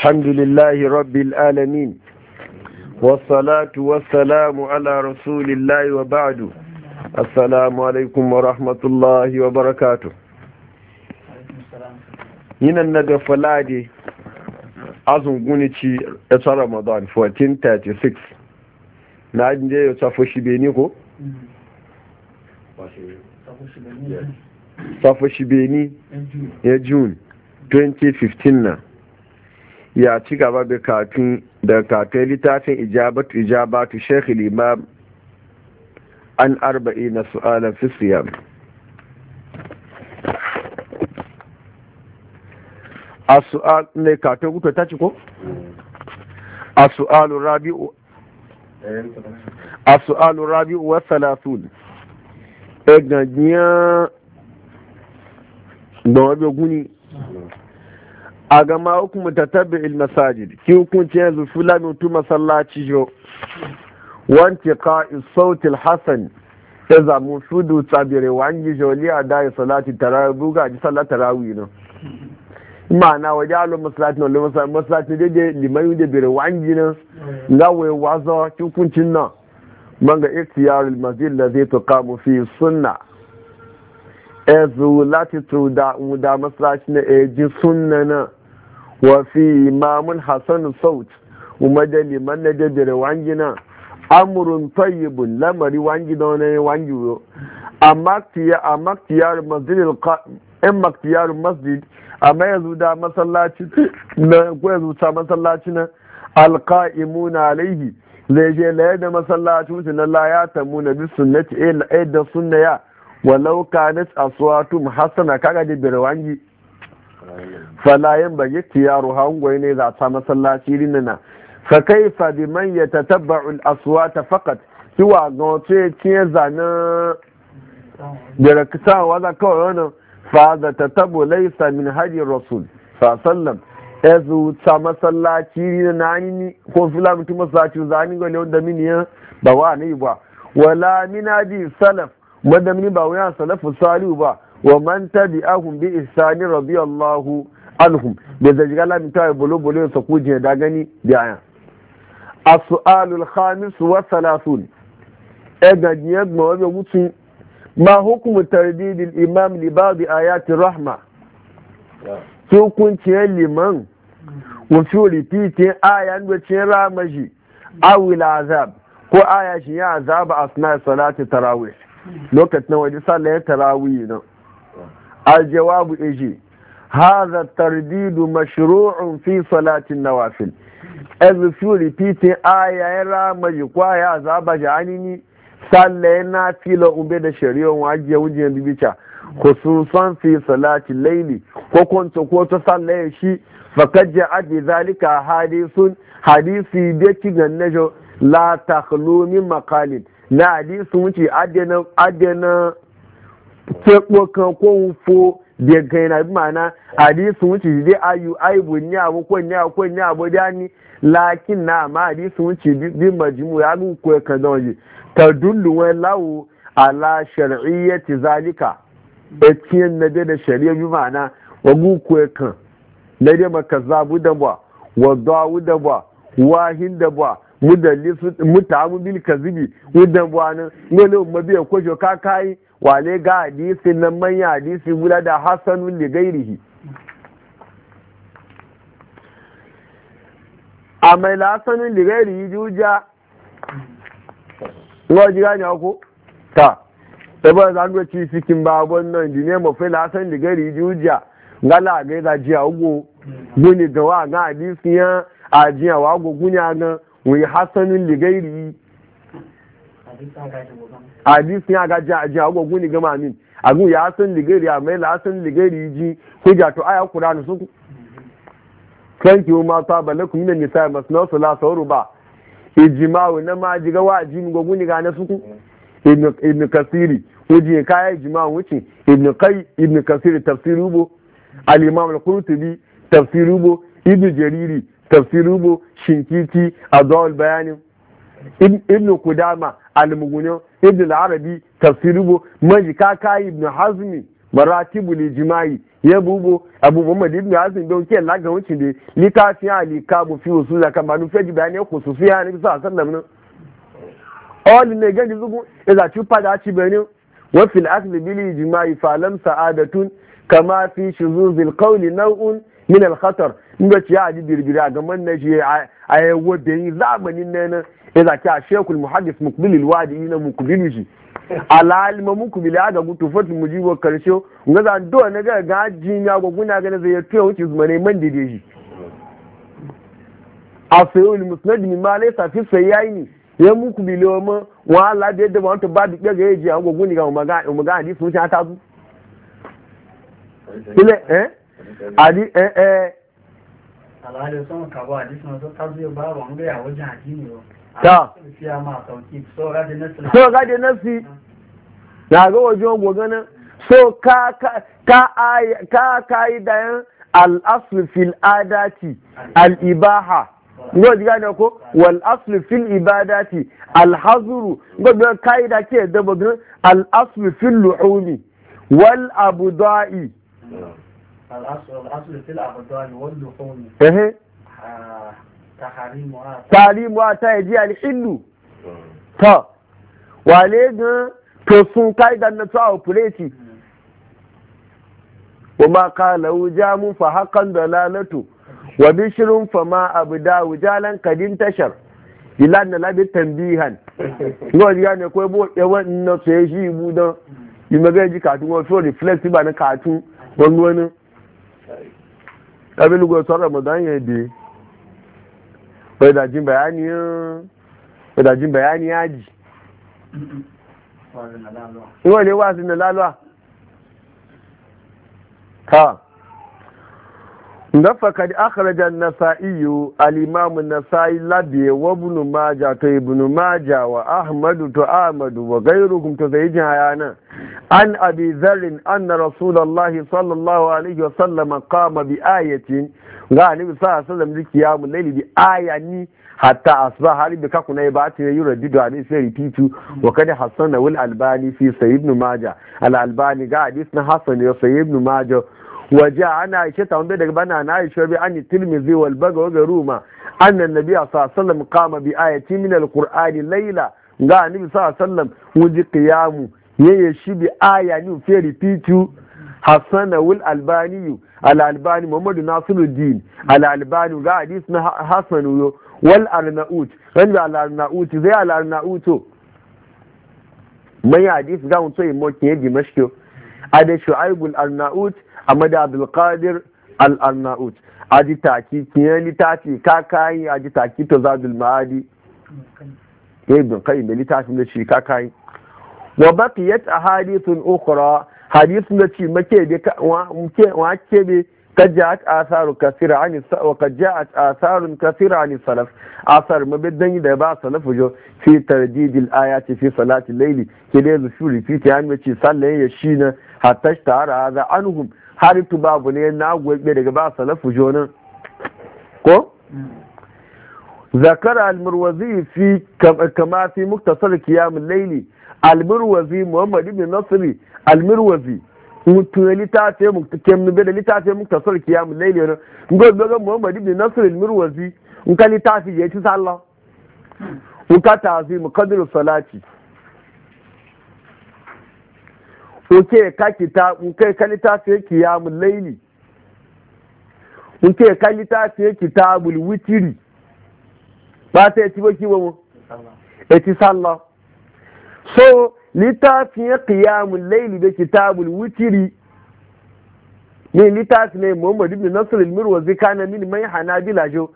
الحمد لله رب العالمين والصلاة والسلام على رسول الله وبعد السلام عليكم ورحمة الله وبركاته هنا النبي فلادي أظن قنتي إطار رمضان 1436 نعد نجي يتصفو بينيكو صفو بيني يا جون 2015 نعم ya ci gaba da katun da katun littafin ijabatu ijabatu sheikh imam an arba'i na su'alan fi a su'al ne katun kuka ta ci a su'alu rabi'u a su'alu rabi'u wa salasun egajiyan a gama hukumu ta tabi masajid ki hukunci yanzu fulani mutu masallaci yo wanti ka sautil hasan ya zamu sudu tsabire wangi joli a dai salati tarawih buga ji salat tarawih no ma'ana waje alo masalati no lo masalati de de da de bire na. no wai wazo ki hukuncin na manga ikhtiyarul zai tuka mu fi suna. ezu lati tuda da masalati na eji sunna na wa fi imamun hasan saut umma da liman na jajjere wangina amurun tayyibun lamari wangi da wani wangi yo amma maktiyar masjid amma yanzu da masallaci na ko yanzu na alqa'imuna zai je laye da masallaci mutum na la ya tamu na bi sunnati eh, eh da sunna ya walau kanat aswatum hasana kaga da birwangi falayen bagi tiyaru hangoyi ne za ta masallaci rinina fa kaifa bi man taba al'asuwa ta fakat kiwa ga wato ya ciye zana da kitawa za kawai wani fa ta tabo laisa min hajji rasul fa sallam ezu ta masallaci rinina ni ko fila mutum masallaci zani ga wanda mini ya ba wa ne ba wala mina hadi salaf wanda mini ba wa salafu salihu ba wa man tabi'ahum bi isani radiyallahu anhum da zai ga lamin tawaye bolo bolo sa ku je da gani da aya as-su'al al-khamis wa thalathun e ma wabe mutu ma hukumu tardid imam li ba'd ayat rahma ki hukunci liman wa fi repeat ayan da cin ramaji aw azab ko aya shi ya azaba asna Salatu tarawih lokacin waje sallar tarawih nan aljawabu eji haza tardidu mashru'un fi salatin nawafil every few repeating aya ya rama ji kwaya azaba ji anini sallaye na fila ube da shari'a wajiya wujiyar bibica khususan fi salati laili ko kwanta ko ta sallaye shi fakad ja'a zalika hadisun hadisi da kigan najo la takhlu na hadisi wuce adena adena ke kan ko fo da gaina bi mana hadisu wuce dai ayu aibu ni abu ko ni ko ni abu da ni lakin na ma hadisu wuce bi majmu ya gu ko kan don yi tadullu wa lawu ala shar'iyyati zalika etiyen na da shari'a bi mana wa gu ko kan da dai makazabu da ba wa dawu da ba wahin da ba mudallisu mutamu bil kazibi udan bwana ngole mabiya ko jo kakai wale ga hadisi nan manya hadisi guda da hasanun da gairihi a mai lasanin da gairihi juja wajen gani ako ta ɗabar zangoci cikin babon nan ne mafi lasanin da gairihi juja gala ga yi zajiya ugu guni gawa ga hadisi yan ajiyawa gugunya ga wuyi hasanun da gairihi hadisi ya gaji a jiya gwagwu ni gama min agu ya san ligari a mai lasan ligari ji hujja to aya kuranu su kanki ma ta balakum min nisa masna salasa ruba ijma'u na ma jiga wa jin gwagwu ni ga na suku ibn kasiri wuji kaya ijma'u wuce ibn kai ibn kasiri tafsiru bo al-imam al-qurtubi tafsiru bo ibn jariri tafsiru bo shinkiti adawul bayanin ibn kudama al-mughni ibn al-arabi manji kaka ibn hazmi maratibu lijimai ya bubo abu muhammad ibn hazmi don ke laga wucin da likafi ali kabu fi usul kan ba nufe ji bayani ko su fiya ne bisa sallam nan awali ne gani zugu iza ci pada ci bayani wa fil asli bil ijma'i fa sa'adatun kama fi shuzuzil Nau'un. min alkhatar in ga ci ya ji birbiri ga man na shi a yawo da yi zamanin na nan ya zaki a shekul muhaddis mukbilil wadi na mukbilu shi alalima ma ya ga gutu fatin mu jibo karshe ga zan do na ga gajin ya goguna ga zai ya tuya wuce zumane man dide shi a sayo musnad min ma laysa fi sayyani ya muku wa ma wa Allah da yadda wanta ba dike ga yaji an ni ga maga maga hadisi mun ta tabu ile eh àdí ẹ ẹ. àlàyé sọ́nà kàwọ́ àdísùn bá wà ń àdínì o. so na ga wajen ogo gana so ka ka ka yi dayan fil adati al'ibaha ngo diga ne ko wal aslu fil ibadati al hazru ngo be kaida ke dabo bugun al fil wal abuda'i tàrímọ̀ àtàìdí àlìṣìlù tọ̀ wà lé gan tó yi káìdá náà ọ̀pùrẹ́tì wọ́n máa ká lọ́wọ́ já mú fa hakan da lálẹ́tò wà bí shirin fa ma abu da wùjá kadin tashar ìlànà lábẹ́ tambihan wọ́n rí gane kó bó ẹwọ́n nínú abin lugu wata ramadan ya bi wadajin bayani ya ji wọ́n lè wá sí ní lálọ́à káà na kadi akhraja an-nasa'i Alimamu imam an-nasa'i wa ibn majah to ibn majah wa Ahmadu to ahmad wa ghayruhum to sai jin hayana an abi an na Rasulallah sallallahu alaihi wa sallam qama bi ayatin ga ni sa sallam diki ya mu laili bi ayani hatta asba har bi kaku nay ba ta yura dido ani sai ripitu wa kada Hassan na wani albani fi sayyid ibn majah al albani ga adis na Hassan ya sayyid ibn majah waje ana aisha ta wanda daga bana na aisha bi an tirmizi wal baga wa garuma annan nabi sallallahu alaihi qama bi ayati min al qur'ani layla ga annabi sallallahu alaihi wasallam wuji qiyamu yayi shi bi aya ni fi repeatu hasan wal albani al albani muhammad nasiruddin al albani ga hadis na Hassan hasan wal arnaut ran al arnaut zai al arnaut mai hadis ga mun so yi mo ke dimashko ada shu'aib al arnaut amma da abdulkadir al-arnaut aji taki kiyan litafi kakayi aji taki to zadul ma'adi ibn eh, qayyim da litafin da shi kakayi wa baqiyat ahadithun ukhra hadithun da ci make da ke wa a be kasira a nisa كثيرة عن وقد جاءت yi da ba السلف آثار ما بدني ده بعض سلف جو في ترديد الآيات في صلاة الليل كده الشوري في تيان وشي صلى يشينا حتى اشتهر za عنهم har tu babu ne na gobe daga ba salafu jonin ko Zakar almurwazi fi kama fi muktasar kiyamun laili almurwazi muhammad ibn nasiri almurwazi mutum litafe muktakem da litafe muktasar kiyamun laili ne gobe ga muhammad ibn nasiri almurwazi in ka litafi ya ci sallah in hmm. ka tazi muqaddir salati nke kakita nke kalita fiye kiyamun laili nke kalita fiye kitabul witiri ba ta ci ba kiwo mu eti sallah so litafin kiyamun laili da kitabul witiri ne litafi ne muhammadu ibn nasir al-mirwazi kana min mai hanabila jo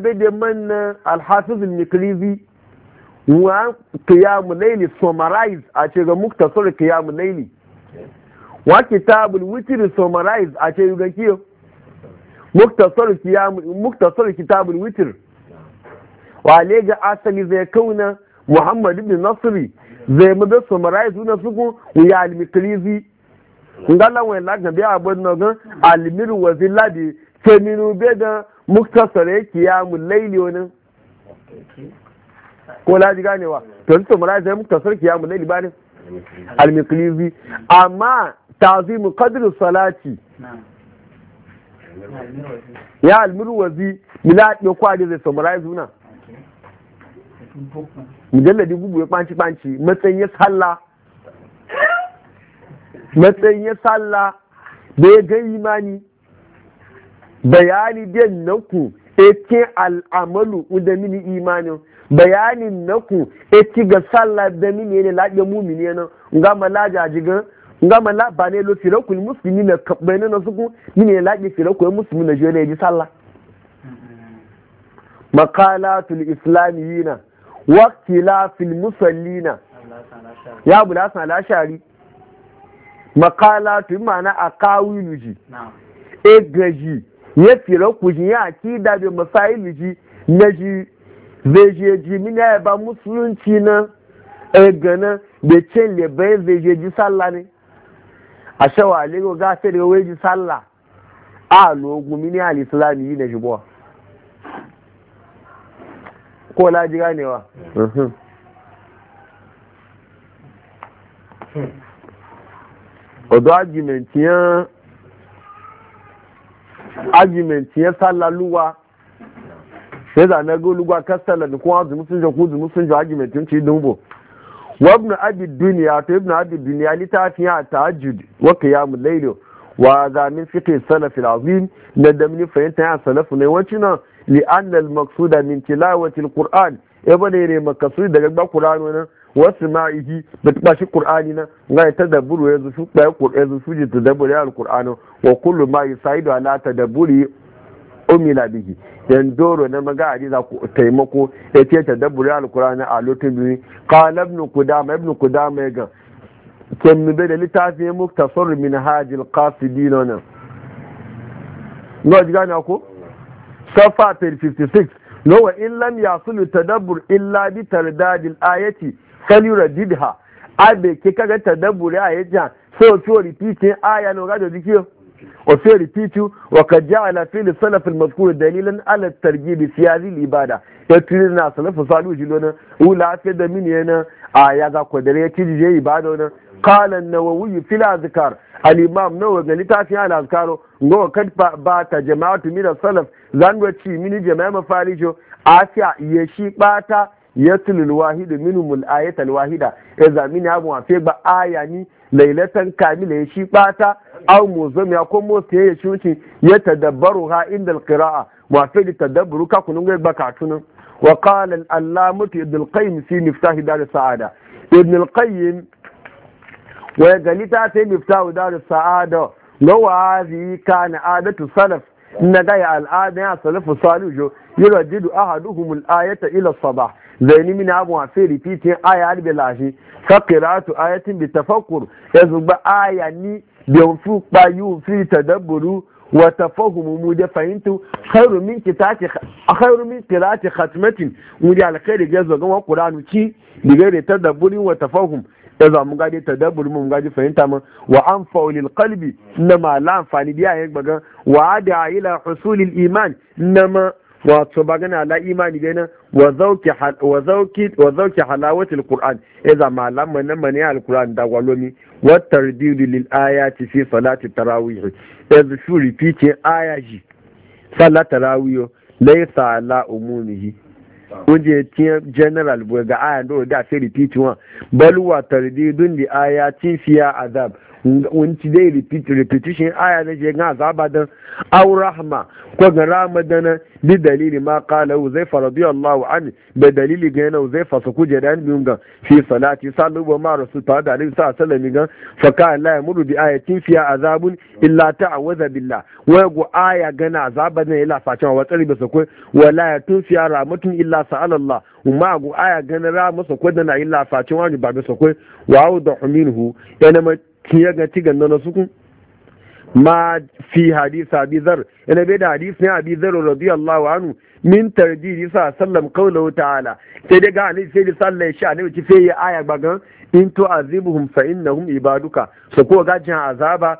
be de man eh, al-hafiz al-mikrizi wa kiyamu laili summarize a ce ga muktasar kiyamu laili wa kitabul witr summarize a ce ga kiyo muktasar kiyamu muktasar kitabul witr wa le ga asali zai kauna muhammad ibn nasri zai mu da summarize na suku ya al-mikrizi ngala wa la ga bi abun na ga al-mir wa zilladi teminu be da muktasar kiyamu laili wannan ko laji ganewa to su tumura sai muka sarki ya mulai libanin almiklizi amma tazimu qadru salati ya wazi miladi ko ade zai summarize una mujalladi gubu ya panci panci matsayin ya salla matsayin ya salla da ya ga imani bayani den ku ake al'amalu udamini mini imanin bayanin naku e ci ga sallah da mini ne laɗe mumini nan nga ma malaja jigan nga ma mala ba ne lo firakul muslimi na kabbaini na suku mini ne laɗe firakul muslimi na jiyo ne ji sallah makalatul islamiyina waqtilafil musallina ya bula san lashari makalatu mana akawilu ji e gaji ya firakul ji ya akida bi masailu ji na ji vejeji mini ya ba musulunci na e gana da ce lebai vejeji sallah ne a shawa lego ga sai daga ji sallah a logu mini al-islami yi na shigowa ko ji ganewa ọ̀dọ̀ argument yẹn argument yẹn luwa. sai zane gulugwa kastala da kuma zumu sun jaku zumu sun jaku hajji mai tunci. wa ibn abi duniya, to ibn abi duniya, litafin ya tahajjud wa qiyamul layl wa za min fiqh salaf al-azim da da min fahimta ya salaf ne wacina li anna al-maqsuda min tilawati al-qur'an e bane ne makasudi daga ba qur'ani nan wasu ma'ihi da ta shi na. nan ga ta dabburu ya zufu ba ya zufu ji tadabburi al-qur'ani wa kullu ma yusaidu ala tadabburi umila bihi yan na maga za ku taimako ya ce ta dabbura alkurani a lokacin biyu ibn kudama ibn ga kin bai da littafi ya muktasar min hajil dino nan ji gane ko safa 56 nawa in lam yasulu tadabbur illa bi tardadil ayati didha abe ke kaga sai o so so repeating aya no gado dikiyo وفي ريتيتو وقد جعل في السلف المذكور دليلا على الترغيب في هذه العباده يتلنا سلف صالح جلونا ولا فد من هنا ايا ذا قدر يتجي عباده قال النووي في الاذكار الامام نووي قال تافي على الاذكار نو قد با جماعه من السلف زانو تشي من جماعه jama'a اسيا يشي باتا يتل الواحد منهم الايه الواحده اذا من ابو wahida با zamini abu lailatan kamila ya shi bata aw muzum ya ko mo sai ya shuci ya tadabbaru ha inda alqira'a wa fi tadabburu ka kunun ga baka tunan wa qala al-allama ibn qayyim fi miftah dar sa'ada ibn qayyim wa galita sai miftah dar sa'ada zai zi kana adatu salaf na gaya al'adun ya salafu salijo yura jidu ahaduhum ayata ila saba zaini min abu abuwa fi ripitin aya albe lashi fakiratu ayatin bi tafakkur zuba aya ni bi fu payu fi tadabburu wa tafahumu mu da fahimtu khairu min kitati khairu min qira'ati khatmatin mu da alkhairi zo ga qur'anu ci diga da tadabburi wa tafahum ya za mun gaji tadabbur mun gaji fahimta mun wa an faulil qalbi ma la amfani biya yayin bagan wa da ila husulil iman ma wato bagana la imani gana wa zauki wa zauki wa zauki ya alquran idza ma lamma namma ne alquran da walomi wa tardidu lil ayati fi salati tarawih idza shuri fice ayaji salati tarawih laysa ala umumihi wajen tiyan general ga aya da sai repeat wan baluwa wa tardidun aya cin fiya azab wanci dai repetition aya na je ga azaba dan aw rahma ko ga ramadan bi dalili ma qala uzaifa radiyallahu anhu bi dalili ga yana uzaifa su kuje da an ga fi salati sallu wa ma rasul ta da alaihi sallam ga fa ka la yamuru bi ayatin fi azabun illa ta'awaza billah wa go aya gana azaba ne ila facin wa tsari ba su ko wala yatun fi rahmatun illa sa'ala allah umma go aya gana ra musu ko da na illa facin wa ba su ko wa minhu yana kiya ga ci ganda na suku ma fi hadisa abi zar ina bai da hadisi ne abi zar radiyallahu anhu min tarjiri sa sallam qawluhu ta'ala sai dai ga ne sai da sallai shi ne ci sai ya aya bagan in to azibuhum fa innahum ibaduka so ko ga jin azaba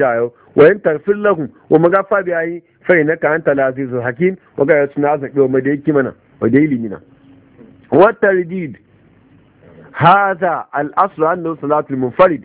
jayo wa in tarfil lahum wa magafa bi ayi fa innaka anta azizul hakim wa ga na azabi wa dai kimana wa dai limina wa tarjid hadha al aslu annahu salatul munfarid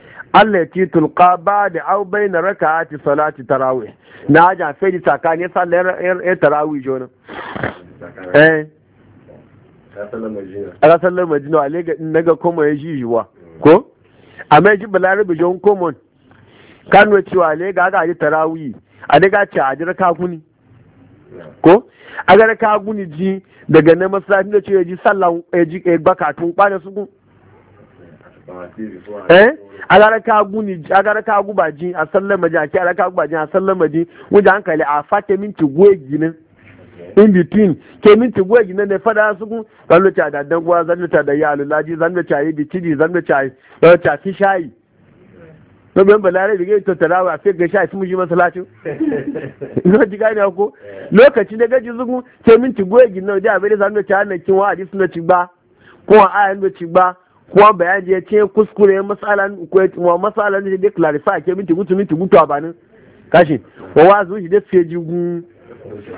allati tulqa ba'da aw bayna rak'ati salati tarawih na aja fe di tsakani sallar er tarawih jona eh ala sallar majina ale ga naga koma ya jijiwa ko amma ji balarabe jon common kano cewa ale ga ga ji tarawih ale ga ci a jira kafuni ko a ga kafuni ji daga na masallacin da ce ya ji sallan ya ji bakatun kwana su eh agaraka ake a hankali a fata minti goye in between ke minti goye ne fada su zan da da dangwa zan da da zan da zan zan da shayi balare da ga shayi sun ji masalacin ina ji ko lokaci da gaji zugun ke minti goye ginin da abin da zan da cayi na kinwa a jisun da ci ba ko a ayan ci ba ko bayan ya ce kuskure masalan ko masalan da ya clarify ke minti gutu minti gutu a banin kashi wa wazu shi da fiye jigun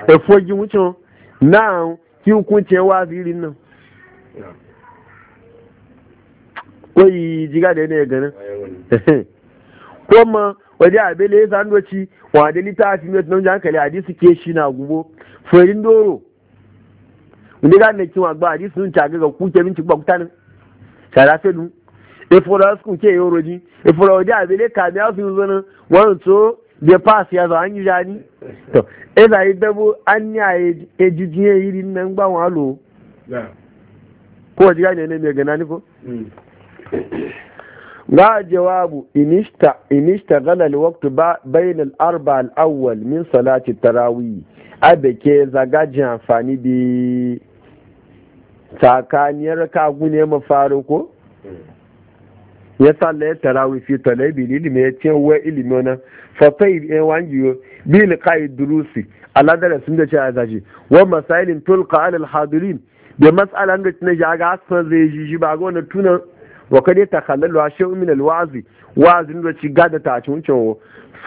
efoji eh, wucin na ki hukunce wazu irin nan ko yi jiga da yanayi ganin ko ma waje abele ya sandoci wa da littafi mai tunan hankali hadisi ke shi na gubo furin doro wani ganin kiwa ba hadisi sun caga ga kuke minti ba kutanin karafelu ifura su ke yoro ji ifura wajen abele kami a fin zanen wani to bai pass ya zo an yi ni? to ina yi dabo an yi a ejijiye e yiri nan gba wa lo ko wajen gani ne mai gana ni ko hmm. ga jawabu inista inista galal waktu bainal arba al awwal min salati tarawih abeke zagaji amfani bi tsakaniyar kagu ne mafarin ko ya tsalla ya tarawi fi talabi ilimi ya ce wa ilimi na fatai eh, ya bi ni qaid durusi aladara sun da ce a zaji wa masailin tulka alal hadirin da matsalan da tana ya ga san zai ji ji ba ga wannan tunan wa kad takhallalu shay'un min al wa'zi wa'zin da ci gada ta ci cewa.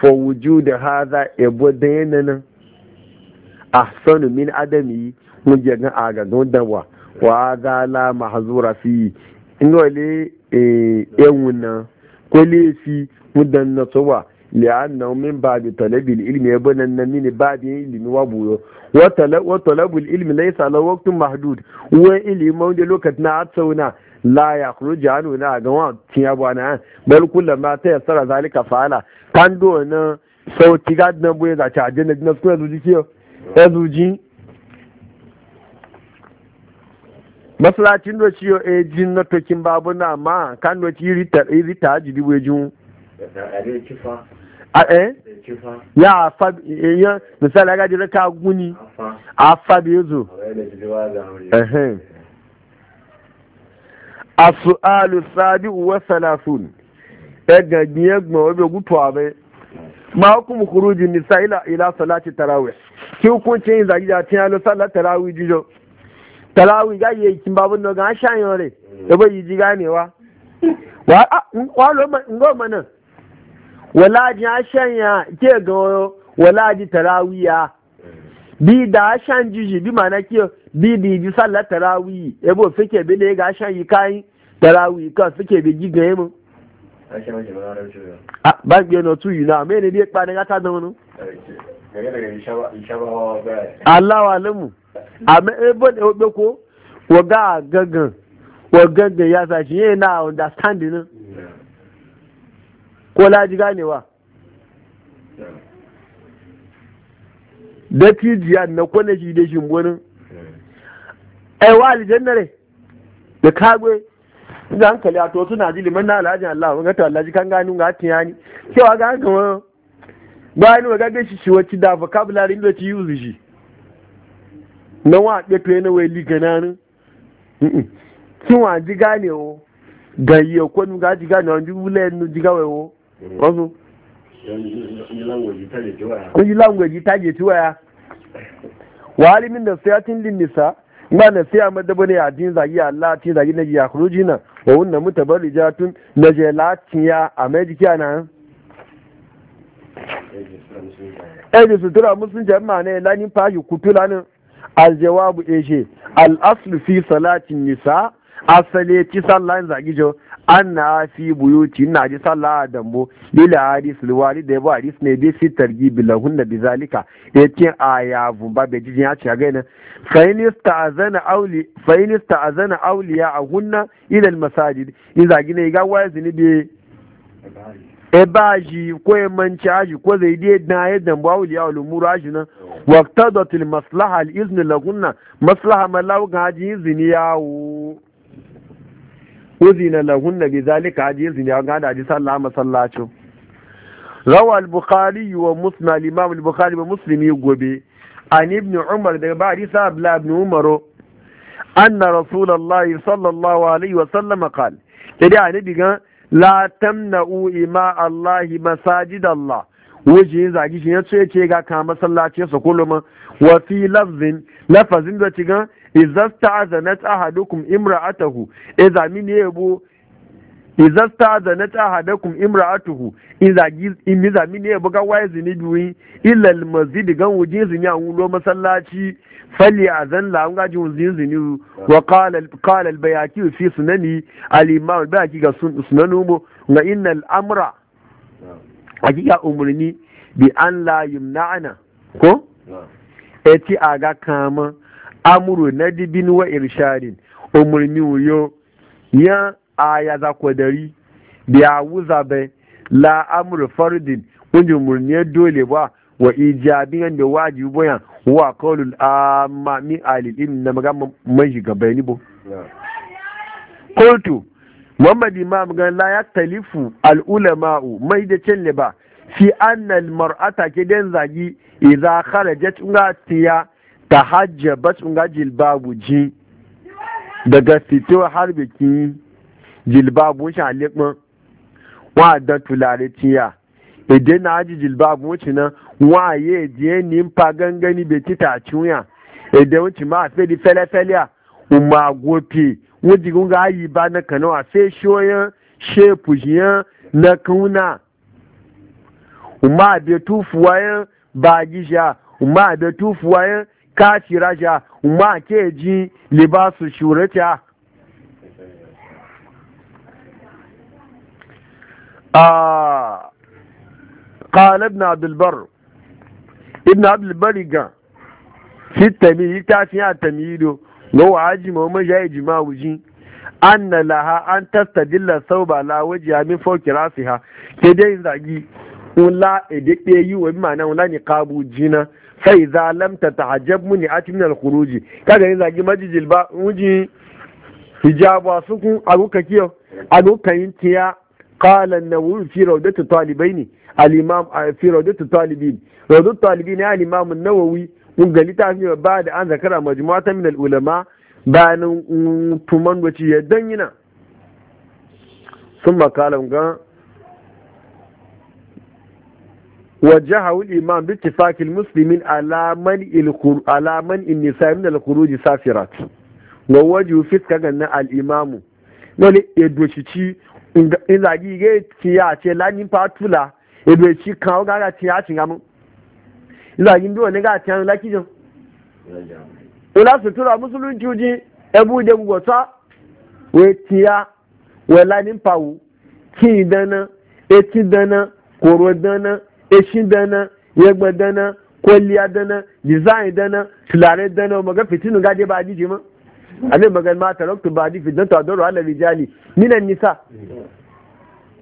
fa wujud da ibo dayanan ahsanu min adami mun je ga aga don dawa wa za la mahzura fi ingole ewuna e kwale fi mudan na towa le tsowa li'anna min babi talabil ilmi ya banan na mini babi ilmi wa buyo wa talabul ilmi isa la waqtun mahdud wa ilmi wanda lokacin na atsauna la ya khuruji anu na ga wa tiya bana bal ma ta yasara zalika fa'ala kan do na sauti gadna buye za ta ajin na kuma zuji kiyo ya zuji masalacin da ciyo a e, jin na tokin babu na ma kan da ci iri ta ji dibu e a eh ya fa e, ya misali ga jira ka guni a fa bi zo eh as-su'alu sabi wa salasun daga e, giyagma wa be gutu abe ma hukumu khuruji nisa ila ila salati tarawih ki hukuncin zagi da tin salati salat tarawih jijo tarawi ga yi kin babun da ga shayin re da bai yi ji ganewa wa kwalo ngo mana wala ji ke ga wala ji tarawiya bi da shan jiji bi mana ke bi di ji sallar e bo fike bi ne ga shan yi kai ka fike bi ji ga mu ba no tu yi na me ne bi ga ta Allah alamu amma ebe eh, eh, da obe ko Wa waga gangan wagan da ya sashi yin na understanding ko laji ganewa da jiya na kone shi da shi wani aiwa aljannare da kagwe Ina hankali a to suna ji liman na alhaji Allah wani gata Allah ji kan gani ga tiyani cewa ga gama bayan wa gaga shi shi wacce da vocabulary inda ci yuzu shi na wa ɗe to yana wai wani nan kin wa ji gane wo ga yi ko nu ga ji gane wa ji wule nu ji ga wo mm-hmm. wasu kun yi language ta ci tiwaya wa alimin da tun lin nisa ba na sai amma da bane adin zagi Allah tin zagi na ya khurujina wa hunna mutabarrijatun najalatiya a mai jikana ɗaya sutura musulunci amma ne lani fashi kutula ne aljawabu eshe al'aslu fi salatin nisa asali ci sallah zagi jo an na fi buyuti na ji sallah a dambo lila hadis liwari da yabo hadis ne bi sitar gibi lahun da bizalika ya ce a ya vumba bai jijin ya ce a gaina fa'inista a zana auliya a hunna ilal masajid in zagi ne ga waya zini bi e ba shi ko ya manci aji ko zai dai na ya dan ba wuliya wal umuru aji nan waqtadat al maslaha al izn lahunna maslaha malaw ga aji izini yawo uzina lahunna bi zalika aji izini yawo ga da aji sallama masallacin rawa al bukhari wa musna al imam al bukhari wa muslimi gobe an ibn umar da ba hadisa abla ibn umar anna rasulullahi sallallahu alaihi wa sallam qala sai dai annabi gan la tamna'u ima Allahi masajid Allah wuce yin zagi shi ya ce ce ga kama masallaci su kuluma wa fi lafzin lafazin da ci gan izasta azanat ahadukum imra'atahu e zami ne yabo izasta azanat ahadukum imra'atuhu in e zagi e in zami ne yabo ga wai zini biyu illa almasjid gan wuje zini an wulo masallaci fali azan la an gaji wuzin zini wa qala al bayaki fi sunani al imam al bayaki ga sunanu mu ga inna al amra hakika umurni bi an la yumna'ana ko eti aga kama amuru na dibin wa irshadin umurni wuyo ya aya za kwadari bi awuza be la amru fardin kunji umurni dole ba wa ijabiyan da wajibi boya wa qawlul amma min alil ilm na magana mai shiga bayani bo Kultu, muhammad imam ga la yaktalifu al ulama'u mai da cin ba fi anna al mar'ata ke den zagi idza kharajat unga tiya tahajjabat unga jilbabu ji daga fito har biki jilbabu shi wa da tulare tiya idan na haji jilbab wuce nan waye je gangani bai ci tacuya idan wuce ma a fedi fele-fele a umma ba na kano a fe shoyan shefu shiyan na kuna umma umma umma ke ji libasu ah قال ابن عبد البر ابن عبد البر كان في التمييز تعفي التمييز لو عاجم وما جاي جماع وجين أن لها أن تستدل الثوب على وجهها من فوق راسها كده يزعجي ولا إدكت يي وبمعنى ولا نقاب وجينا فإذا لم تتعجب مني أتي من الخروج كده يزعجي ما جي جلبا وجي hijab wasu kun abu ka kiyo abu ka yin tiya qala an-nawawi fi rawdati talibaini al-imam eh, fi rawdatu talibin rawdatu talibin ya al-imam an-nawawi mun ga littafin ba da an zakara ta min al-ulama bayanin tuman wace ya danyina sun makalam ga باتفاق المسلمين على من على من النساء من الخروج سافرات ووجه فسك أن الإمام wani edochici inda gige ci ya ce lanin fatula ebe ci kawo gara ci ya ci gamu ila yin biyo ne ga ci an laki jin ila sutura musulunci uji ebu de gwota we tiya we lanin pawu ki dana eti dana koro dana esi dana yegbe dana kwalliya dana design dana filare dana maga fitinu gade ba ajiji ma ale magan ma taraktu ba di fitnatu adoro ala rijali minan nisa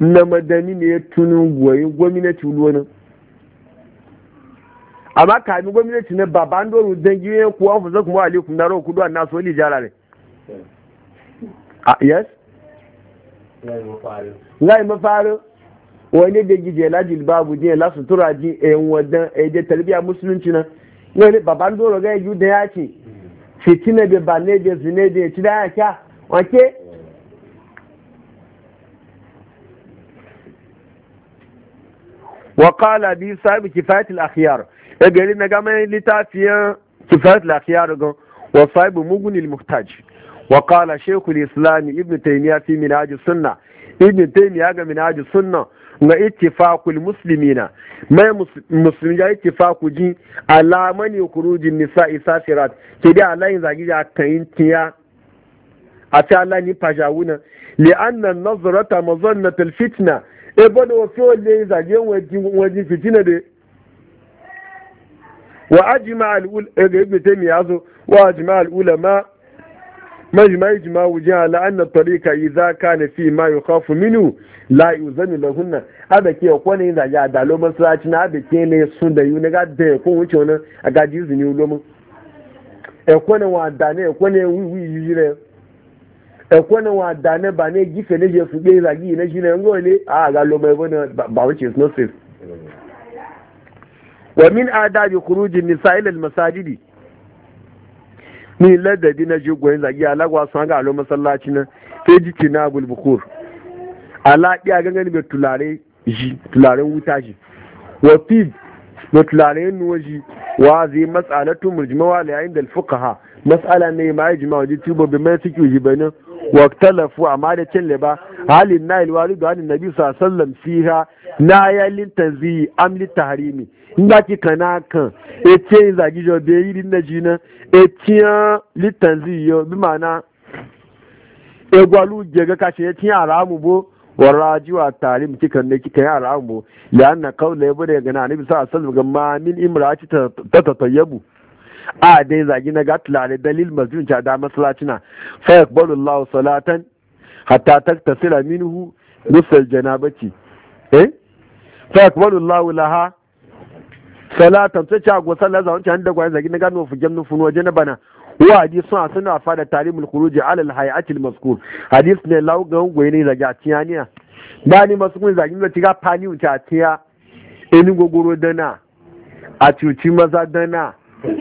na madani ne ya tunu goyi gwamnati wani amma kamin gwamnati na baban doro don giwe kuwa fusa kuma alikun na rawar kudu a nasu wani jara ne ah, yes ngai mafarin wani da gije la jilbabu je la sutura ji e wadan e je musulunci na ngai baban doro ga yi da ya ce fitina be ba ne be zine da ya ci da ya kya wake wa biyu bi sahibi kifayat al akhyar e na gama mai litafiyan kifayat al akhyar ga wa sahibi mugun al muhtaj wa qala shaykh al islam ibn taymiyyah fi minhaj sunna ibn taymiyyah ga minhaj sunna ga ittifaqul muslimina mai musulmi ya ittifaqu ji alamani khurujin nisa'i safirat ke da alayin zagi ya kayin tiya a ta alani pajawuna li anna nazrata mazannat al fitna ebe da wasu wanda ya zage wajen fitina da wa ajima al'ulama wa ajima al'ulama majma ijma wujin ala anna tariqa idza fi ma yukhafu minhu la yuzanu lahunna ada ke lo masalaci na ada ke ne sun da ẹ̀kọ́ ní wọn àdáná bá ní ìjífẹ̀ ní jésù gbé ìlàgí yìí lẹ́sìn náà ń gbọ́ ní ah, àgá lọ́mọ ẹ̀fọ́ náà bàwọ́ ṣe snow safe. wàmín adájú kúrú jì ní sáílẹ̀ masajidi ní lẹ́dẹ̀dí náà ṣe gbọ́ ìlàgí alágbàsán àgá lọ́ masallaci náà fèjì tì náà bulbukur alaɗi a gangan mai tulare ji wuta ji wa fib mai tularen nuwa ji wa zai matsalatun murjimawa da yayin da fuka ha matsala ne ma tubo ji waktalafu amma da cin liba halin na ilwari da hannun nabi sallam fiha na yalin tanzihi amli taharimi in za ki kana kan e ce in zagi jo be yi na jina e tiya litanzihi yo bi mana e gwalu jega kashe e al'amu bo aramu bo warajiwa tarim kikan ne kika yi aramu bo ya na kaula ya bude gana nabi sallam ga ma min imra ta tatayyabu a dai zagi na gatula ne dalil masjidin ta da masalacina fa yakbalu Allah salatan hatta taktasila minhu nusul janabati eh fa yakbalu Allah laha salatan ta ca go sallah zawon ta da gwaye zagi na gano fujem waje na bana wa hadis suna suna fada talimul khuruji ala al hayati al mazkur hadith ne lau ga gwaye ne zagi a tiyaniya bani masu kun zagi na tiga pani uta tiya enin gogoro dana a cuci maza dana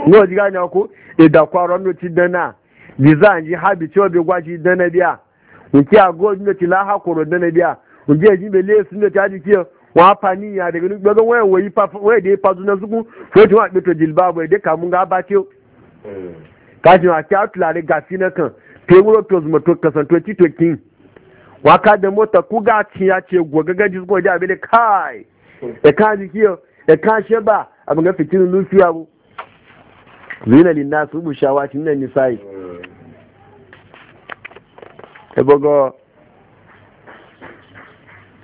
ngo ji gane ko ida e kwaro no ti dana bi za ji habi ti obi gwaji dana biya nki ago no ti la hakoro dana biya nje ji be le sun ti aji kiyo wa pa ni ya de gbe gbe we wo yi pa we de pa na suku fo ti wa beto jilbabu e de ka mu ga ba ti o ka ji wa ti atula re ga gasina kan te wo to zuma to kasan to ti to kin wa ka da mota ku ga ti ya ce go gaga ji ko ja be de kai e ka ji kiyo e ka sheba abin ga fitin lufiya bu zina linna su bu shawati nan nisa'i e bogo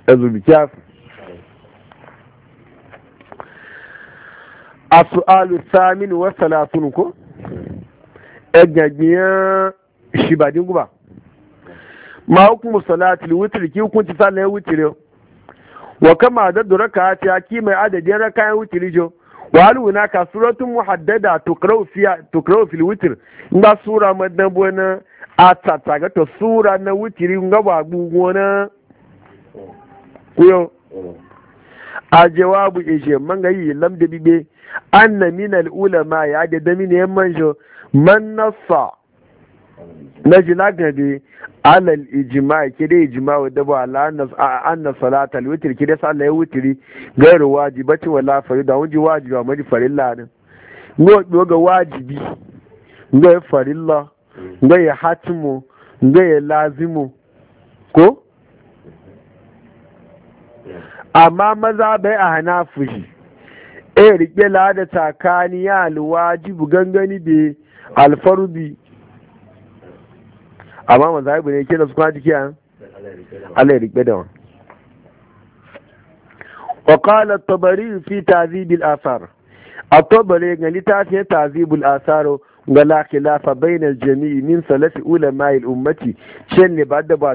azu bikaf as-su'alu thamin wa salatun ko egagiya shibadin guba ma hukumu salatul witr ki hukunci sallar witr wa kama da duraka ta ki mai adadin rakayan witr jo wal hunaka suratun muhaddada tuqra'u fiha tuqra'u fil witr ngba sura madabona atata ga to sura na witri ngaba gugona kuyo a jawabu ishe man ga yi lamda bibe anna min al ulama ya da min man nasa na ji lagabe alal ijima ke da ijima wa dabo ala anna salata alwitr ke da sallah ya wutiri gairu wajibati wala farida wuji wajibi amma di farilla ne ngo ga wajibi ngo ya farilla ngo ya hatimu ngo ya lazimu ko amma maza bai a hanafushi e rike lada da tsakani ya alwajibu gangani be alfarbi amma mazhabi ne ke da su Allah ya rike da wa wa tabari fi tazibil asar a tabari ga litafi ya tazibul asar ga la khilafa bayna al min salafi ulama al-ummati ce ne ba da ba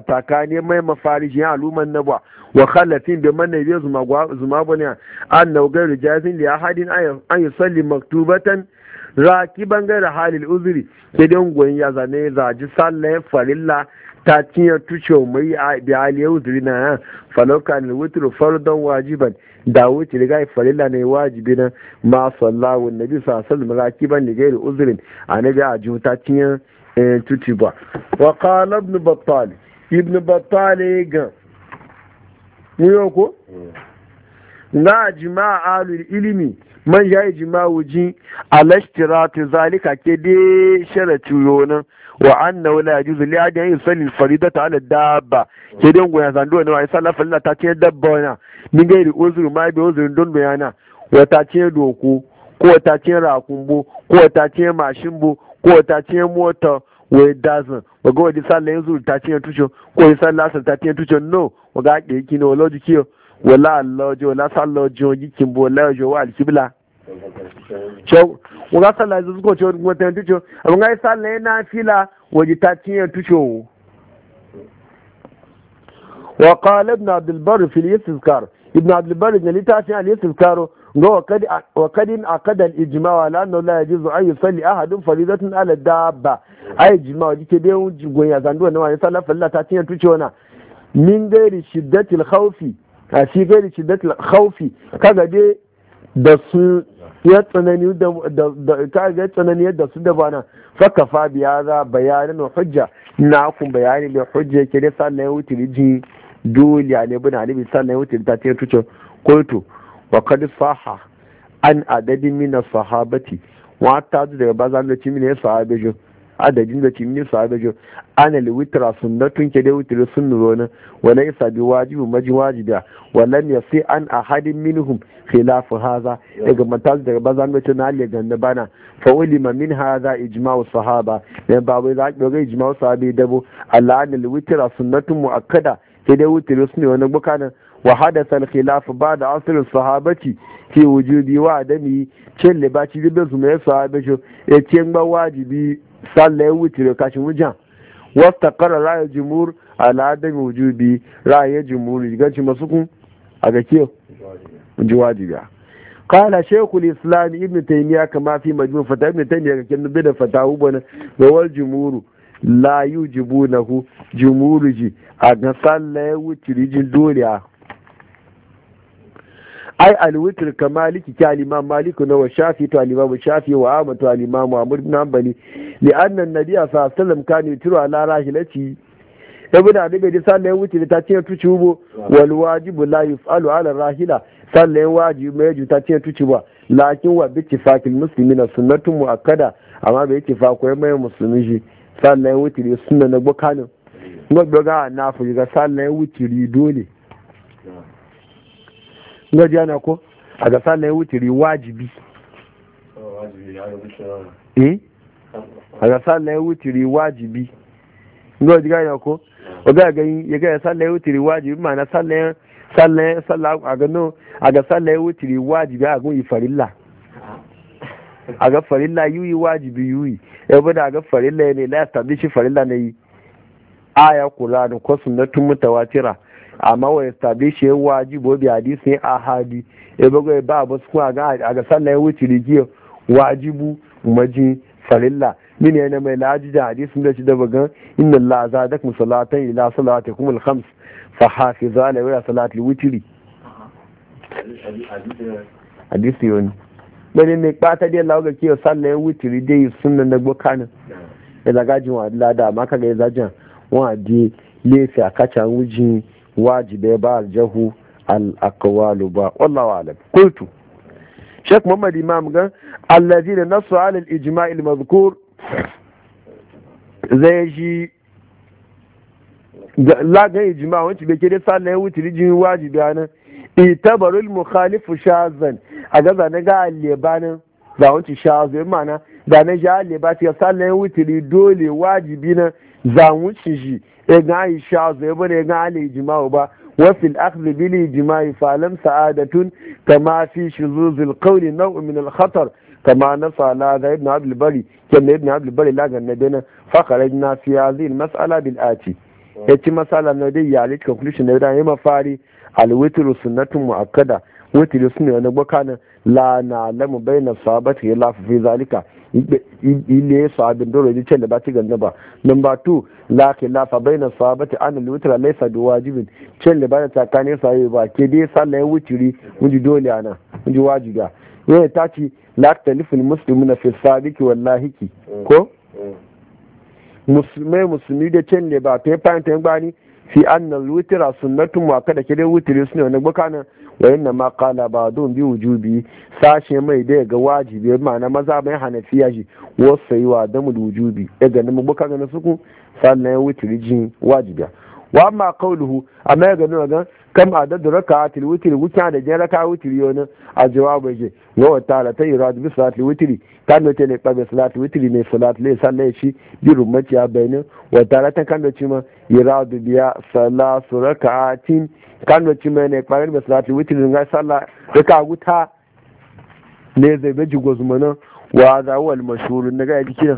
ne mai mafarijin aluman ba wa khalafin da manna nabi zuma zuma bani an rijazin da li ahadin an salli maktubatan raki bangare halil uzuri ke dangon ya zane zaji sallah farilla ta cinye tuce mai a bi aliyar uzuri na nan faloka ne wutur fardon wajiban da wuce riga farilla ne wajibi na ma sallahu nabi sallallahu raki ban da gairi uzurin annabi a ji ta cinye eh, tuci ba wa qala ibn battal ibn battal ga ni yau eh. na jima alul ilimi man ya yi jima wuji alashtiratu zalika ke de sharatu yonan wa anna wala yajuzu li adan yusalli faridata ala dabba ke de ngoya zando ne wa sallah falilla ta ce dabba na min gairi uzuru ma bi uzuru don bayana wa ta ce doku ko ta ce rakumbo ko ta ce mashinbo ko ta ce mota wai dazin waga wajen sallah yanzu ta ce tushe ko yi sallah asar ta ce tushe no waga ake yi kino wa lojikiyo wala allojo wala sallojo jikin bo la jo wa alkibla cewa wala sallah zuwa ko cewa kuma tan tucho abun ga sallah yana fila waje ta cinye tucho wa qala ibn abd albar fi al-istizkar ibn abd albar ne litafi al-istizkar ga wakad wakad aqada al-ijma wa la annahu la yajuzu an yusalli ahadun faridatan ala dabba ay ijma jike dai gun ya zandu wannan wani sallah falla ta cinye tucho na min gairi shiddatil khawfi a shi gari shi datla khaufi kaga dai da su ya tsanani da kaga ga tsanani da su da bana faka fa biya za bayanin hujja na ku bayani da hujja ke da sallan wutiri ji dole ne bin alibi sallan wutiri ta ce tuce kotu wa kad saha an adadi min sahabati wa ta daga bazan da sahabe jo adadin da cin nisa da jo ana li witra sunnatun ke da witri sunnuro na wala isa bi wajibu maji wajida wala ya sai an ahadin minhum khilafu haza daga mantazu daga bazan mace na ali ganna bana fa ma min haza ijma'u sahaba ne ba wai za ki ga ijma'u sahabe dabo Allah ana li witra sunnatun muakkada ke da witri sunnuro wani bukanan وحدث الخلاف بعد عصر الصحابة في وجوب وعدمه كل باتي دي بزمي صحابة يتين بواجبي sallah ya wuce da kashin wujan wasta kara raya jimur a la'adar wujubi raya ya jimur masu kun a ke ji wajibiya kala shekul islam ibn taimiya kama fi majmu fata ibn taymiya ga kin bi da fata uban rawar wal jimur la yujibunahu jimuruji a ga sallah ya wuce jin doriya ai alwitr ka maliki ki alimam maliku na wa shafi to alimam shafi wa ama to alimam imam ahmad ibn hanbali li anna an-nabiy sallallahu alaihi wasallam kana yutiru ala rahilati ibn abi bai sallan wuce ta ce tuci bo wal wajibu la yuf'alu ala rahila sallan wajibu mai ju ta ce tuci ba lakin wa bi tifakil muslimina sunnatun muakkada amma bai tifako mai musulmi shi sallan wuce sunna na bukanin ngo doga na ga sallan wuce dole ga jana ko aga ga sallan wutiri wajibi eh wutiri wajibi ga ga ya ga wutiri wajibi ma na no wutiri wajibi e farilla wajibi farilla ne la establish farilla ne aya kula da ko sunnatun mutawatira amma wa establish ya wajibo bi hadisi ahadi e bago e ba su a ga a ga sallah ya wuce rigiyo wajibu maji farilla min yana mai laji da hadisin da shi da bagan inna allaha zadakum salatan ila salatikum al-khams fa hafizu ala wa salati witri hadisi yoni bani ne kpata dai lawa ga kiyo sallah ya witri dai sunnan da bokanin ya e zagajin wa lada amma kaga ya zajin wa di lefi a kacha wujin wajibe ba aljahu al-aqwalu ba wallahu alam qultu Sheikh Muhammad Imam ga da nasu ala al-ijma' al-madhkur zai shi lagan ijma wanci bai kere sallah ya wuce rijin wajibi ana itabarul mukhalifu shazan a gaza na ga lebanin za wanci shazan mana da na ja lebati ya sallah ya wuce dole wajibi na za wuci shi ya aisha zai bane ya ga ali ijma'u ba wa fil akhdhi bil ijma'i falam sa'adatun kama fi shuzuz al qawl naw'un min al khatar كما نصى لا ذا ابن عبد البري كما ابن عبد البري لا جندنا فخرجنا في هذه المسألة بالآتي yace masala na dai ya lit conclusion da dai mafari alwitru sunnatun muakkada witru sunna na gbakana la na lamu baina sahabati la fi zalika ile sahabin dole ji can da ba ci ganna ba number two la khilafa baina sahabati an al-witra laysa biwajibin can da ba ta tsakanin sahabi ba ke dai sallah wutiri dole ana ta ce la fi ko musulmai musulmi da can ba ta yi yin bani fi annal wutira sunnatun wa kada ke dai wutiri suna wani bukana wa inna ma ba don bi wujubi sashe mai da ga wajibi ma na maza mai hanafiya shi wasu yi wa damu da wujubi ya gani mu buka gani suku sannan ya wuce rijin wajibi wa amma qawluhu amma ya ga nuna kam adadu ka witr wuka da jin raka witr yonin a jawabu je wa wa ta'ala ta yurad bi salatil witr kan da ne kabe salatil witr ne salat le sallai shi bi rummaci ya bainin wa ta'ala ta kan da ci ma yurad biya salasu raka'atin kan da ci ma ne kabe bi salatil witr ga sallah raka guta ne zai beji gozumana wa za wal mashhurun daga yake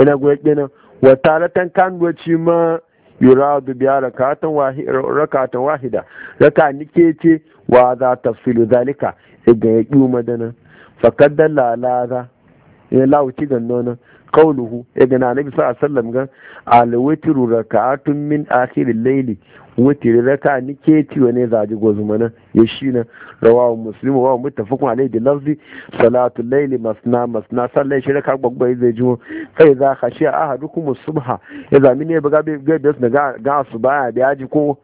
ina goyake nan wa ta'ala ta kan da ma yuradu biya rakatan rakatan wahida raka nike ce wa za tafsilu zalika idan ya ƙi madana fakad dalla la ya da nono kauluhu ya gana nabi sallallahu alaihi wasallam ga alwitru raka'atun min akhiril layli da raka ni keti wani zaji mana ya shi na rawawa musulmi wa mutu tafi kuma da lafzi salatu laili masna masna sallai shi raka gbagba zai jiwo kai za ka shi a hadu kuma subha ya zami ne ba gabe su na ga su baya da ji ko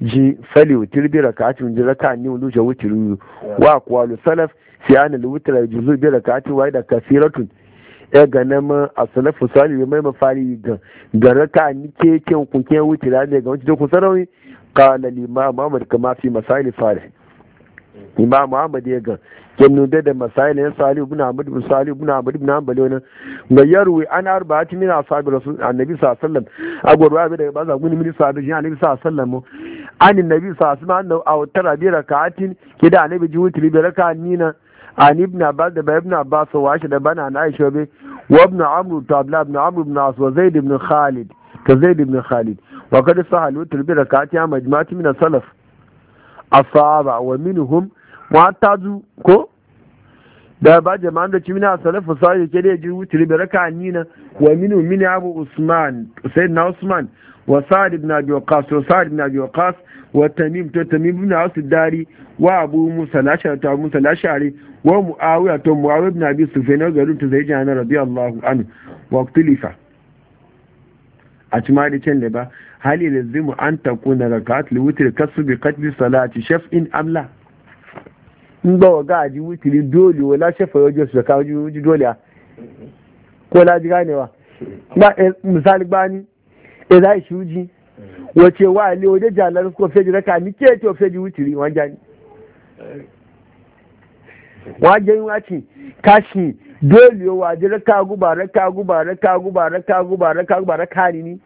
ji fali wutir bi rakatun raka ni wulu ja wutiru wa kuwa salaf sai an lutar juzu bi rakatun wa da kasiratun ya ga na ma a fusari salihu mai mafari ga ga raka ni ke kin kun wuce da ne ga wuce da kusa Ka na limam Muhammad kama fi masail farih imam Muhammad ya ga kin nuda da masail ya salihu ibn Ahmad ibn salihu ibn Ahmad ibn Hanbal wannan ga yarwi an arba'ati min ashabi rasul annabi sallallahu alaihi wasallam agwarwa bi daga baza guni min sahabi shi annabi sallallahu alaihi wasallam annabi sallallahu alaihi wasallam aw tara bi raka'atin kida annabi ji wuce bi nina Ani ibn abbas da ibn abbas wa shi da bana na aisha be wa ibn amr to abla ibn amr ibn as wa zaid ibn khalid ka zaid ibn khalid wa kad sahalu tilbi rakati ya majma'ati min salaf asaba wa minhum wa tazu ko da ba jama'an da ci mina salaf sai ke da ji tilbi rakani na wa minhum min abu usman sayyidina usman وسعد بن أبي وقاص وسعد بن أبي وقاص وتميم تميم بن عاص الداري وأبو موسى الأشعري أبو موسى الأشعري ومعاوية ومعاوية بن أبي سفيان وغيرهم تزيج رضي الله عنه واختلفة أجمالي كان لبا هل يلزم أن تكون ركعات لوتر كسب قتل صلاة شفء أم لا؟ ńgbọ́wọ̀ gáàjí wítìrí dóòlì wọ láṣẹ́fẹ̀ ọjọ́ ìṣẹ̀ká ojú dóòlì à kó lájí gáà níwà misali gbá e za shi uji wace wa ali waje jalar ko feji raka ni ke to feji wutiri wajen wajen wace kashi dole yo waje raka guba raka guba raka guba raka guba raka guba raka ni ni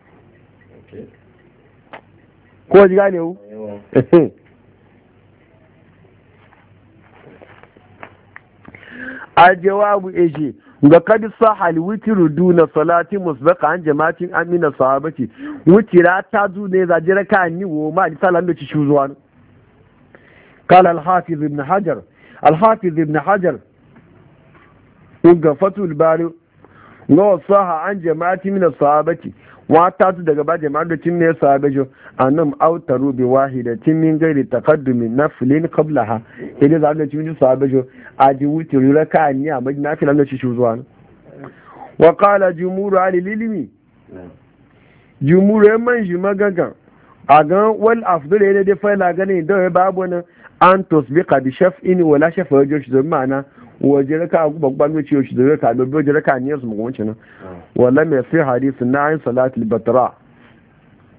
ko ji gane wu aljawabu eji Ga kadi sa halwiti rudu na salati musbaka an jama'atin amina sahabati wukira ta zu ne za jira ka ni wo ma ni salan da ci shuzuwa kala al-hafiz ibn hajar al-hafiz ibn hajar in ga fatul bari ga ha an jama'atin min sahabati wata su daga ba jama'a da cin ne sahabe jo annam autaru bi wahidatin min ghairi taqaddumin naflin qablaha idan za ga cin sahabe jo aji wuti raka ni a majina filan da shi zuwa wa qala jumhur ahli ilmi jumhur man shi magagan a ga wal afdal ne dai fa la ganin da babu nan an tusbiqa bi shaf'in wala shafa jo shi ma'ana waje raka guba guba ne ciwo shi da raka da waje raka ne su mu kuma ولم يصح na عن صلاة البتراء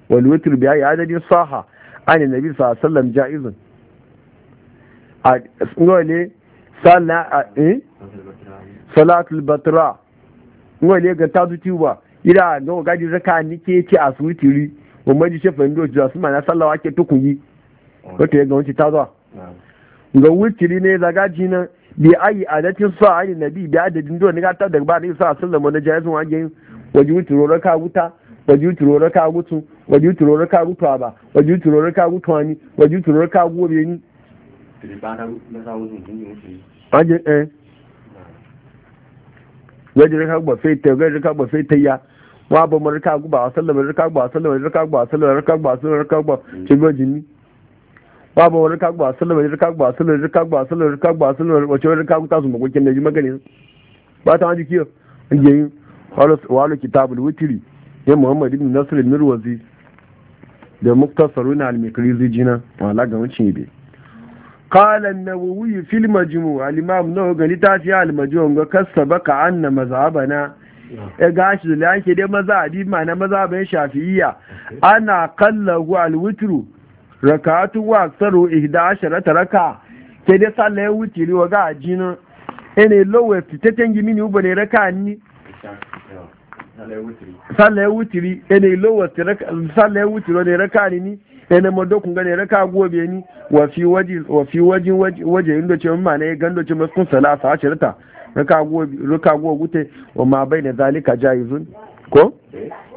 والوتر بأي عدد صح عن النبي صلى الله عليه وسلم جائز ngole sala eh salatul batra ngole ga ta duti ba ira ga ga ji zaka ni ke ci asutiri o ma ji shefa ndo ji asuma na sallawa ke tukuyi wato ya ga wanci ta zuwa ga wutiri ne zaga jinan bi ayi adatin sa a nabi bi adadin do ni ga ta daga ba ni sa sallama na jayizun wajen waje wuturo raka wuta waje wuturo raka gutu waje wuturo raka gutu aba waje wuturo raka gutu ani ni eh gba fe te gba fe te ya wa ba mu raka gba sallama raka gba sallama raka gba sallama raka gba ba mu wani kagba sulur wani kagba sulur kagba sulur kagba sulur wace wani kagba da ba ta kiyo yi wani kitabul ya muhammad ibn nasir da na jina wala ga ibe قال النووي في المجموع الإمام نوغن لتاتي المجموع كسب كأن مذهبنا gashi da lake dai mazhabi ma'ana mazhabin shafi'iyya ana kallahu alwitru rakatu wa tsaro ihda asharata raka ke dai sallah ya wuce riwa ga ajina ene lowe fitaten gimi ni ubo ne raka ni sallah ya wutiri ene lowe sallah ya wutiri ne raka ni ni ene madokun ga ne raka gobe ni wa fi waji wa fi waji waje inda ce mun ne gando ce mun kun salasa asharata raka raka gute wa ma bai na zalika jaizun ko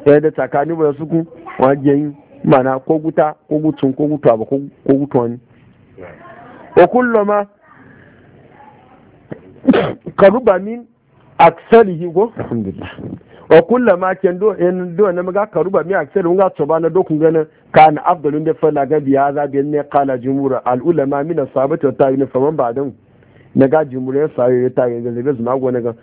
eh da takani ba su mana ko guta ko gutun ko gutu ba ko gutu gutuwani wa kullu ma karuba min aksalihi ko alhamdulillah wa kullu ma ken do en do na maga karuba min aksalihi ga to bana do kun gana kan afdalun da fala ga biya za bi ne qala jumhur al ulama min ashabati wa tabi'in faman ba'dan na ga jumhur ya sayo ya ga zabe zuma go na ga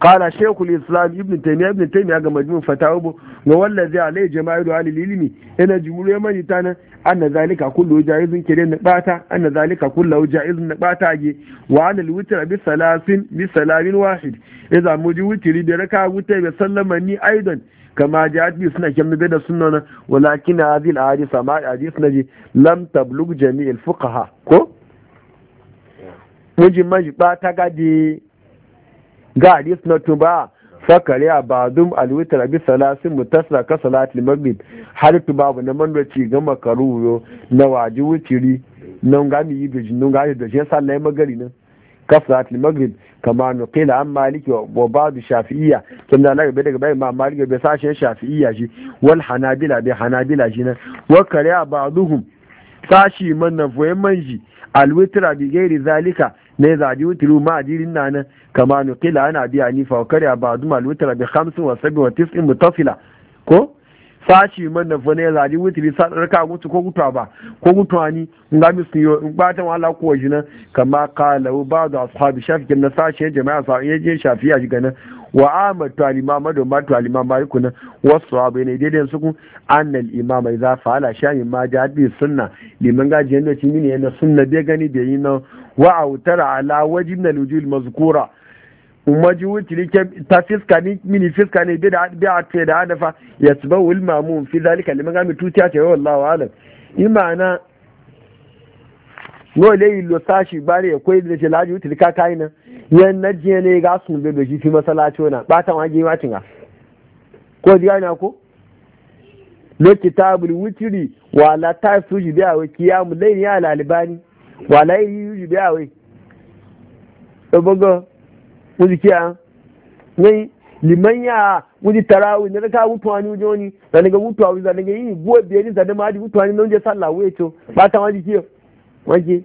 قال شيخ islam ابن تيميه ابن تيميه ga majmu fatawa ga wallazi alai jama'ir ahli ilmi ina jumuru mai tana anna zalika kullu jaizun kire na bata anna zalika kullu jaizun na bata ge wa ala alwitr bi salamin wahid idza muji witri bi raka wuta bi sallama ni aidan kama ja'at bi sunna kam bi da sunna walakin hadhihi alhadith ma hadith naji lam tablug jami' alfuqaha ko mujin maji bata gadi ga hadis na tuba sakari a badum alwitar bi salasin mutasra ka salatul maghrib har tuba ba na manwaci ga makaruyo na waji wuciri nan ga mi yi da jin nan ga da shi sallai magari nan ka salatul maghrib kama no qila an maliki wa ba'du shafi'iyya kin da daga daga bai ma maliki bai sashen shafi'iyya shi wal hanabila bai hanabila shi nan wa kariya ba'duhum sashi man na fuyen manji alwitra bi ghairi zalika ne zaji wutiru ma ajirin na nan kama nukila ana biya ni fa kare ba duma malutar bi hamsin wa 70 wa 90 mutafila ko fashi man na fa ne zaji wutiru sa raka mutu ko gutwa ba ko gutwa ni nga mi sun in batan wala ko jina kama qala ba da ashabi shafi na sashi jama'a sa yaje shafiya shiga nan wa amad to al-imam do ma to al-imam maliku na wasu abu ne daidai su kun annal imam ai za fa ala shani ma jadi sunna liman gaji yanda cin ne na sunna bai gani bai yi na wa autara ala wajin na lujil mazkura umaji wucili ta fiska ni mini fiska ne bi da bi a ce da hadafa yasbahu al mamun fi zalika liman gami tutiya ce wallahu alam imana no le lo sashi bare akwai da ce laji wucili ka kai nan yan naje ne ga sun be shi fi masallaci wannan ba ta waje ma tinga ko diga na ko lo kitabul wutiri wa la tasuji bi a kiyamu layli al albani wà láyé yíyú jù bí àwẹ̀ ọgbọ́gọ́ mo ti kí a lẹ́yìn tara wuji tarawi na ka mutu wani wuji wani da daga mutu wani da daga yi buwa biyar ni zane ma di mutu wani na wuje sallah wuye to ba ta wani kiyo wanke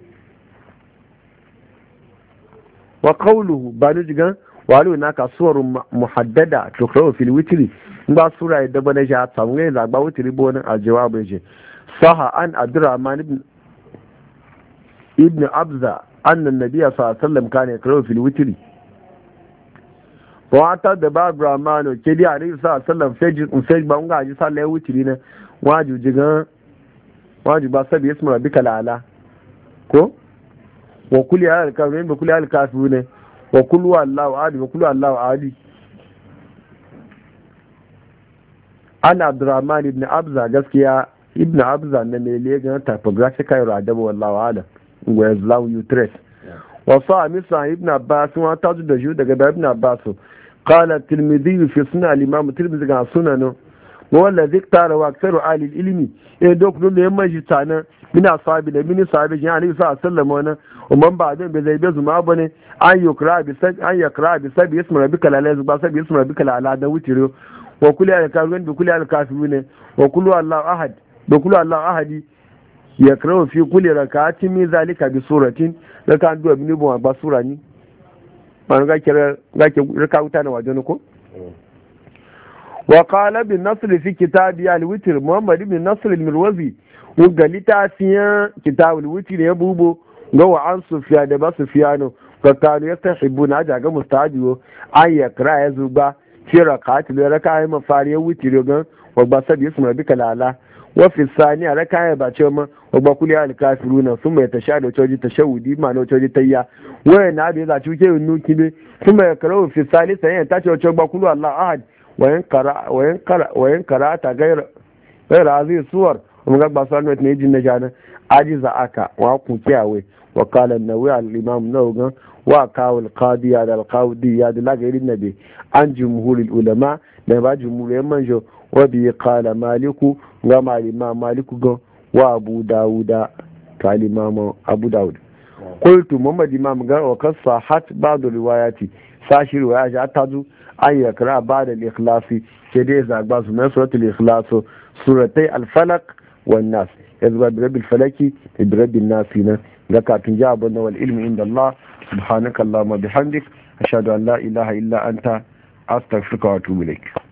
wa qawluhu ba ni jigan walu wani aka suwar muhaddada to kawo fil n ba sura ya daba na ja samu ne zagba witri bonin aljawabu je saha an abdurrahman ibn ibn abza annan nabiya sa sallam kan ya karo fil witri wata da ba bramano ke di ari sa sallam feji ba unga ji sallai witri na waju jigan waju ba sabi ismu rabbika la'ala ko wa kul ya al kafirun bi wa kul wallahu ahad wa kul wallahu ahad ana abdurrahman abza gaskiya ibn abza na ne le ga typographical radab wallahu alam wa zlau utres wa sa misa ibn abbas wa ta da shi daga ibn abbas qala tirmidhi fi sunan al-imam tirmidhi ga sunan wanda zai tara wa aksaru alil ilimi e dok nun da ya mai jita nan mina sabi da mini sabi jin alaihi sa sallama wannan umman ba zai bai zuma ba ne an yukra bi sabi an yakra bi sabi ismu rabbika la ilaha illa rabbika la ala da wutiro wa kulli al kafirun bi kulli al kafirun wa kullu allah ahad bi kullu allah ahadi ya kira fi raka raka'atin min zalika bi suratin da kan duwa min ibn ba sura ni ba ga kira ga ke raka wuta na wajen ko wa qala bin nasr fi kita al witr muhammad ibn nasr al mirwazi wa galita fiya kitab al witr ya bubo ga wa an sufiya da ba sufiyano ga kanu ya tahibu na ja ga mustajiwo an ya kira ya zuba fi a yi mafari ya witr ga wa ba sabi ismu rabbika lala wafi sani da raka ba ce ma wa bakuli alkafiru na sun mai sha da coji ta wudi ma na coji tayya waya na abin zaci wuke yin nuki ne sun mai kara wafi sani sanye ta ce wacce bakulu allah ahad wayan karata gaira zai suwar wani gagba su na iji jin na jana aji za aka wa kun awe wa kalan na wuya al'imam na ogan wa kawo alkadi ya da alkawudi ya da na nabe an jumhurin ulama da ba jumhurin manjo wa kala maliku ga malima maliku ga wa abu dawuda limama abu dawud kultu muhammad imam ga wa kasa hat ba'd riwayati sashi riwaya ja tazu an yakra ba'd al-ikhlasi ke dai zagba su mai suratul ikhlas suratai al-falaq wan nas yazba bi rabbil falaki bi rabbin nas na ga kafin ja abun wal ilmi inda Allah subhanaka allahumma bihamdik ashhadu an la ilaha illa anta astaghfiruka wa atubu